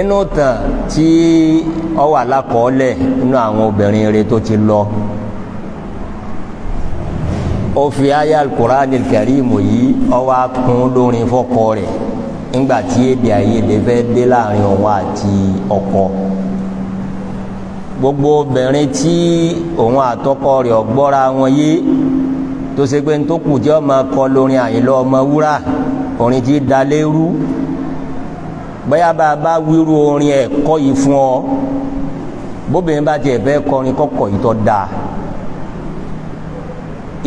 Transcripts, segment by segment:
inú tàn tí ọ wà lákọọ́lẹ̀ inú àwọn obìnrin rẹ̀ tó ti lọ ó fi aya alukurani karimu yìí ọ wá kún lórin fọ́kọ rẹ̀ nígbà tí èdè àìyedè fẹ́ dé láàrin òun àti ọkọ gbogbo obìnrin tí òun àtọkọ rẹ̀ ọgbọ́ra wọn yé tó ṣe pé ní tó kọ lórin àyìnlọ́ ọmọ wúrà orin tí dalérú bóyá bá a bá wíru orin ẹ̀kọ́ yìí fún ọ bóbìnrin bá tiẹ̀ fẹ́ kọrin kọ́kọ́ yìí tọ́ da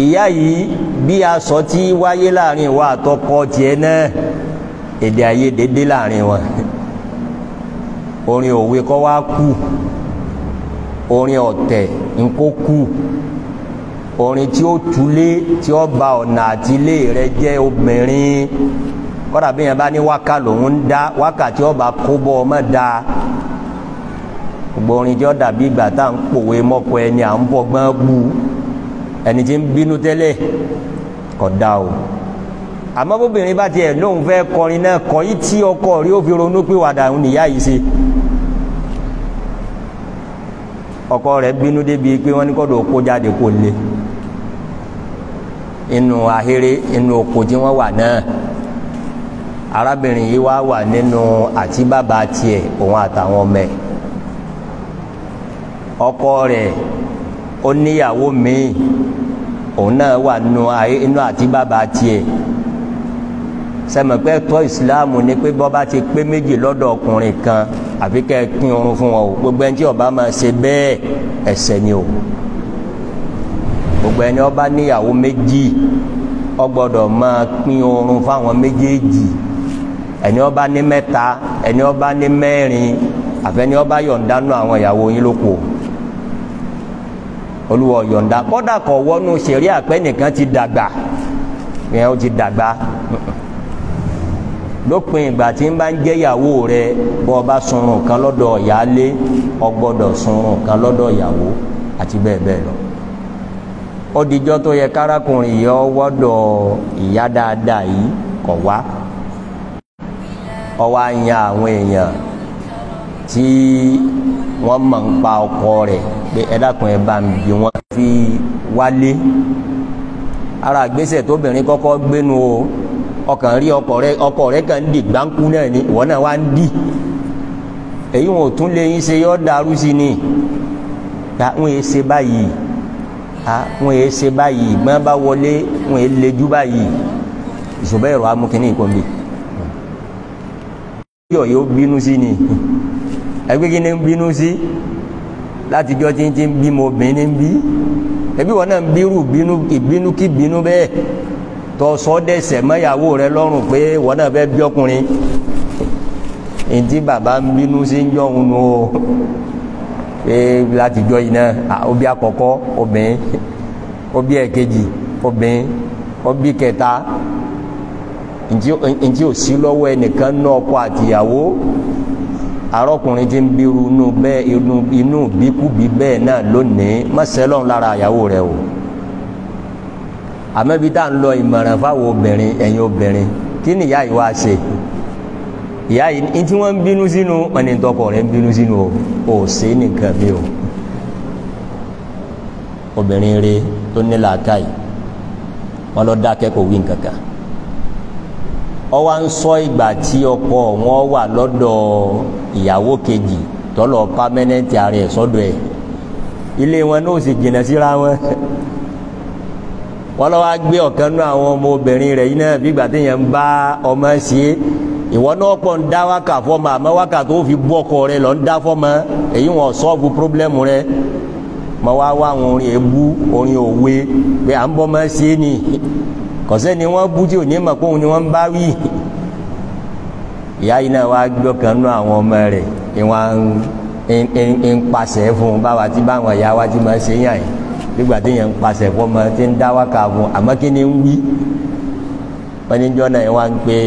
ìyá yìí bí aṣọ tí wáyé láàrin wa àtọkọ tiẹ̀ náà èdè àìyedè dé láàrin wọn orin òwe kọ́ wá kú orin ọ̀tẹ̀ nkó kú orin tí ó túlé tí ó ba ọ̀nà àtìlé rẹ jẹ́ obìnrin kọ́ra bí yẹn bá ní wákà lòún dá wákàtí ọba kó bọ́ ọmọ dá gbogbo orin tí ọ dàbí ìgbà tá à pòwe mọ́kọ ẹni à ń bọ́ gbọ́n bu ẹni tí ń bínú tẹ́lẹ̀ dá o àmọ́ bóbìnrin bá tiẹ̀ lóun fẹ́ kọrin náà ọkọ rí ó fi ronú pé ọkọ rẹ bínú débi pé wọ́n ní kọ́dọ̀ kó jáde kó inú ahéré inú oko arábìnrin yìí wá wà nínú àti bàbá tiẹ̀ òun àtàwọn ọmọ ẹ̀ ọkọ rẹ̀ ó níyàwó míì òun náà wà nínú àti bàbá tiẹ̀ sẹmọ̀pẹ́ tọ́ ìsìláàmù ni pé bọ́ba ti pé méjì lọ́dọ̀ ọkùnrin kan àfi kẹ́ ẹ pín oorun fún wọn o gbogbo ẹni tí ọba máa ṣe bẹ́ẹ̀ ẹ̀ṣẹ̀ ni o gbogbo ẹni ọba níyàwó méjì ó gbọ́dọ̀ máa pín oorun fáwọn méjèèjì ẹni ọba ní mẹ́ta ẹni ọba ní mẹ́rin àfẹni ọba yọ̀ǹda nù àwọn ìyàwó yín ló kù olúwa yọ̀ǹda kọ́dà kọ̀ wọnú sẹ̀rí àpẹ́ nìkan ti dàgbà yẹn ó ti dàgbà lópin ìgbà tí ń bá ń jẹ́ ìyàwó rẹ bọ́ ọba sunrun kan lọ́dọ̀ ìyáálé ọgbọ́dọ̀ sunrun kan lọ́dọ̀ ìyàwó àti bẹ́ẹ̀ bẹ́ẹ̀ lọ ó dijọ́ tó yẹ kárakùnrin yìí ọwọ́dọ̀ ìyá dáadáa yìí kọ̀ wá ọwọ́ anya àwọn èèyàn tí wọ́n mọ̀ ń pa ọkọ rẹ̀ pé ẹ dákun bá ń bi wọ́n fi wálé ara àgbésẹ̀ tóbìnrin kọ́kọ́ gbénu o ọkàn rí ọkọ rẹ̀ ọkọ rẹ̀ kàn ń di gbáǹkú náà ni ìwọ náà wá ń di èyí wọn ò tún lè yín ṣe yọ dàrú sí ni wọn èé ṣe báyìí wọn èé ṣe báyìí gbọ́n bá wọlé wọn èé lejú báyìí ìṣòbẹ́ ìrọ̀ amúkínní ìkọ́ńbí yọ̀ yóò bínú sí ni ẹgbẹ́ kí ni ń bínú sí láti jọ tí ń ti ń bí mo bínú ń bí ẹbí wọn náà ń bírù bínú ìbínú kí bínú bẹ́ẹ̀ tó sọ dẹ̀sẹ̀ mọ́yàwó rẹ lọ́rùn pé wọn náà fẹ́ bí ọkùnrin ntí bàbá ń bínú sí ń jọ òun o pé láti jọ yìí náà obi àkọ́kọ́ obìnrin obi ẹ̀kejì obìnrin obi kẹta ǹjẹ́ ò sí lọ́wọ́ ẹnìkan náà ọkọ àtìyàwó arọ́kùnrin tí ń bírú inú bẹ́ẹ̀ inú bíkúbi bẹ́ẹ̀ náà lónìí mọ́sẹ́lọ́n lára àyàwó rẹ̀ o àmọ́ ibi tá à ń lọ ìmọ̀ràn fáwọn obìnrin ẹ̀yin obìnrin kí ni ìyá yìí wá ṣe ìyá yìí tí wọ́n ń bínú sínú wọn tọkọ rẹ̀ ń bínú sínú o ò sí nìkan mi o obìnrin rẹ̀ tó ní làákàyè wọn lọ dákẹ́ kò wí nǹkan kan ọwọ́ ń sọ ìgbà tí ọkọ wọn wà lọ́dọ̀ ìyàwó kejì tọ́lọ̀ pámẹ́nẹ́ǹtì ààrẹ sọ́dọ̀ ẹ̀ ilé wọn náà sì jìnà síra wọn wọ́n lọ́wọ́ gbé ọ̀kan náà àwọn ọmọ obìnrin rẹ̀ yìí náà bí ìgbà téèyàn ń bá ọmọ ṣe é ìwọ náà pọ̀ ń dá wákà fọ́mọ àmọ́ wákà tó fi bú ọkọ rẹ lọ ń dá fọ́mọ èyí wọn sọ́ọ̀bù pírọ́blẹ́mù rẹ mọ wá wá àwọn orin èébú orin òwe pé à ń bọ́ mọ́ ṣe é nìyí kọ̀sẹ́ ni wọ́n bú tí ò ní mọ̀ pé òun ni wọ́n ń bá wí ìyá yìí náà wá gbọ́ kan nú àwọn ọmọ rẹ̀ ìwọ̀n ń pàṣẹ fún un báwa tí báwọn ìyá wa ti máa ṣe yàn yìí nígbà tí ń pàṣẹ fún ọmọ tí ń dá wákà fún àmọ́ kí ni ń wí wọ́n ní jọ́ náà wá ń pè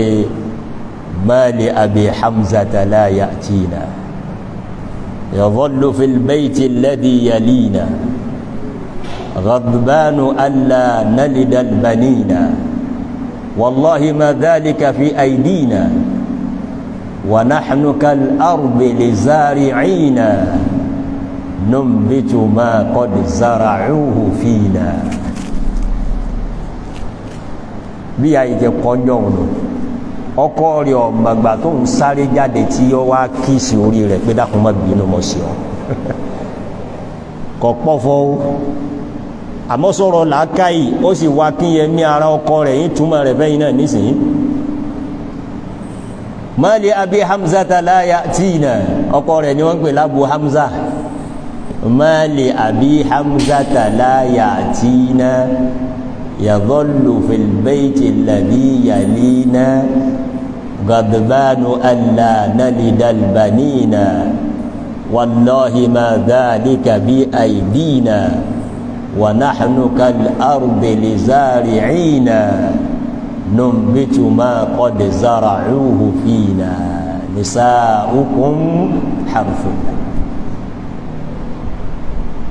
mali abi hamzata la ya'tina yadhallu fil bayti alladhi yalina. غضبان ألا نلد البنين والله ما ذلك في أيدينا ونحن كالأرض لزارعين ننبت ما قد زرعوه فينا bí ayé ti kọjọ ọ̀nà ọkọ rẹ ọgbàgbà tó ń sáré jáde tí ó wá kí sí orí rẹ pé dákun má bínú mọ́ sí ọ kọ pọ́fọ́ ó àmọ́ sọ̀rọ̀ làákàyè ó sì wá kínyẹmí ara ọkọ rẹ̀ yín túmọ̀ rẹ̀ bẹ́yìn náà nísìnyí. mali abi hamza tala ya tiina ọkọ rẹ̀ ni wọ́n ń pè lábu hamza mali abi hamza tala ya tiina yadhullu fil bayti alladhi yalina gadbanu alla nalidal banina wallahi ma dhalika bi aidina. ونحن كالأرض لزارعين ننبت ما قد زرعوه فينا نساؤكم حرث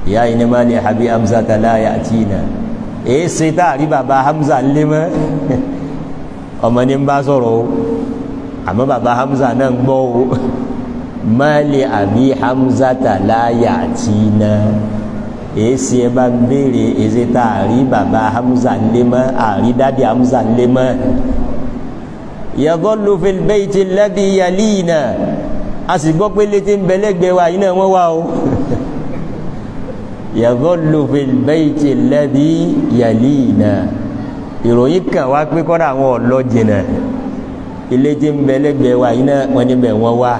يا إنما لحبي حمزة لا يأتينا èé ṣe táàrí bàbá Hamza lé eh, mọ́ ọmọ ní ń bá sọ̀rọ̀ o àmọ́ bàbá Hamza náà ń gbọ́ o má lè àbí Hamza tà láyà àti náà èsì ẹ bá béèrè èsì tá a rí bàbá Hamza ńlẹ mọ àrí dádì Hamza ńlẹ mọ. yadhallu fil bayti alladhi yalina a sì gbọ́ pé létí ń bẹ̀lẹ́gbẹ̀ wa yìí náà wọ́n wá o. yadhallu fil bayti alladhi yalina ìròyìn kan wá pé kọ́dà àwọn ọ̀lọ́ jìnnà ń bẹ wa yìí náà wọ́n níbẹ̀ wọ́n wá.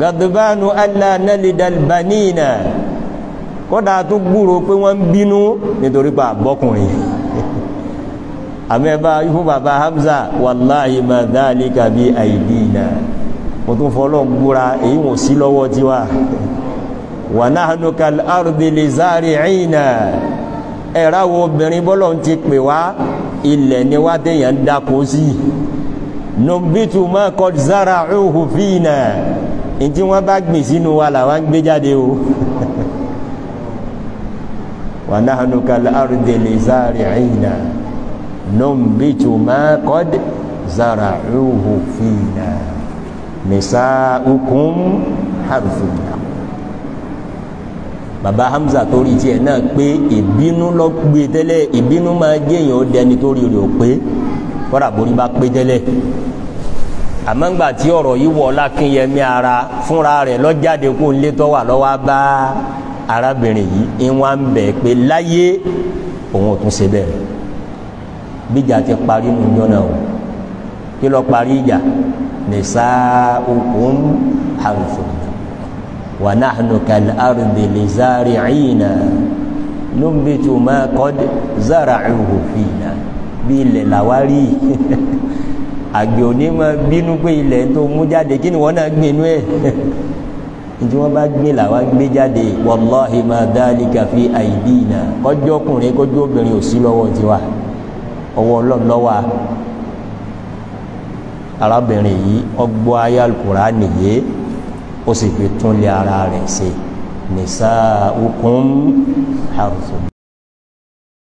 gadbanu alla nalidal kọ́dà tó gbúrò pé wọ́n ń bínú nítorí pa àbọ́kùnrin àmẹ́bá fún bàbá Hamza wàláhì ma dhalika bí àìdíìnà mo tún fọ́lọ́ gbúra èyí wọ́n sí lọ́wọ́ tiwa wa nahnu kal ardi li zari'ina ẹ̀rá wo obìnrin bọ́lọ̀ ti pè wá ilẹ̀ ni wá téèyàn ń dáko sí nùbítù ma qad zara'uhu fina ní tí wọ́n bá gbìn sínú wa làwọn gbé jáde o wa nahnu kal ardi li zari'ina numbitu ma qad zara'uhu fina nisa'ukum harthun baba hamza torí tiẹ̀ náà pé ìbínú lọ gbé tẹ́lẹ̀ ìbínú máa gé èèyàn ó dẹni torí rẹ̀ ó pé kọ́dà borí bá pé tẹ́lẹ̀ àmọ́ tí ọ̀rọ̀ yìí wọ̀ lákínyẹmí ara fúnra rẹ̀ lọ́jáde kó ń lé tọ́wà lọ́wọ́ bá arábìnrin yìí ń wá ń bẹ̀ pé láyé òun ò tún ṣe bẹ́ẹ̀ bíjà ti parí nu yọ̀nà o kí lọ parí ìjà nìsa òkun àrùfò wa nahnu kal ardi li zari'ina numbitu ma qad zara'uhu fina bí ilẹ̀ làwárí àgbẹ̀ onímọ̀ bínú pé ilẹ̀ tó mú jáde kí ni wọ́n náà gbinú ẹ̀ ntí wọ́n bá gbé làwa gbé jáde wàláhi ma dhalika fi aidina kọjọ́ ọkùnrin kọjọ́ obìnrin ò sí lọ́wọ́ tiwa ọwọ́ ọlọ́run lọ́wọ́ arábìnrin yìí ọgbọ́ ayé nìyé ó sì fi tún lé ara rẹ̀ ṣe nisaukum harthun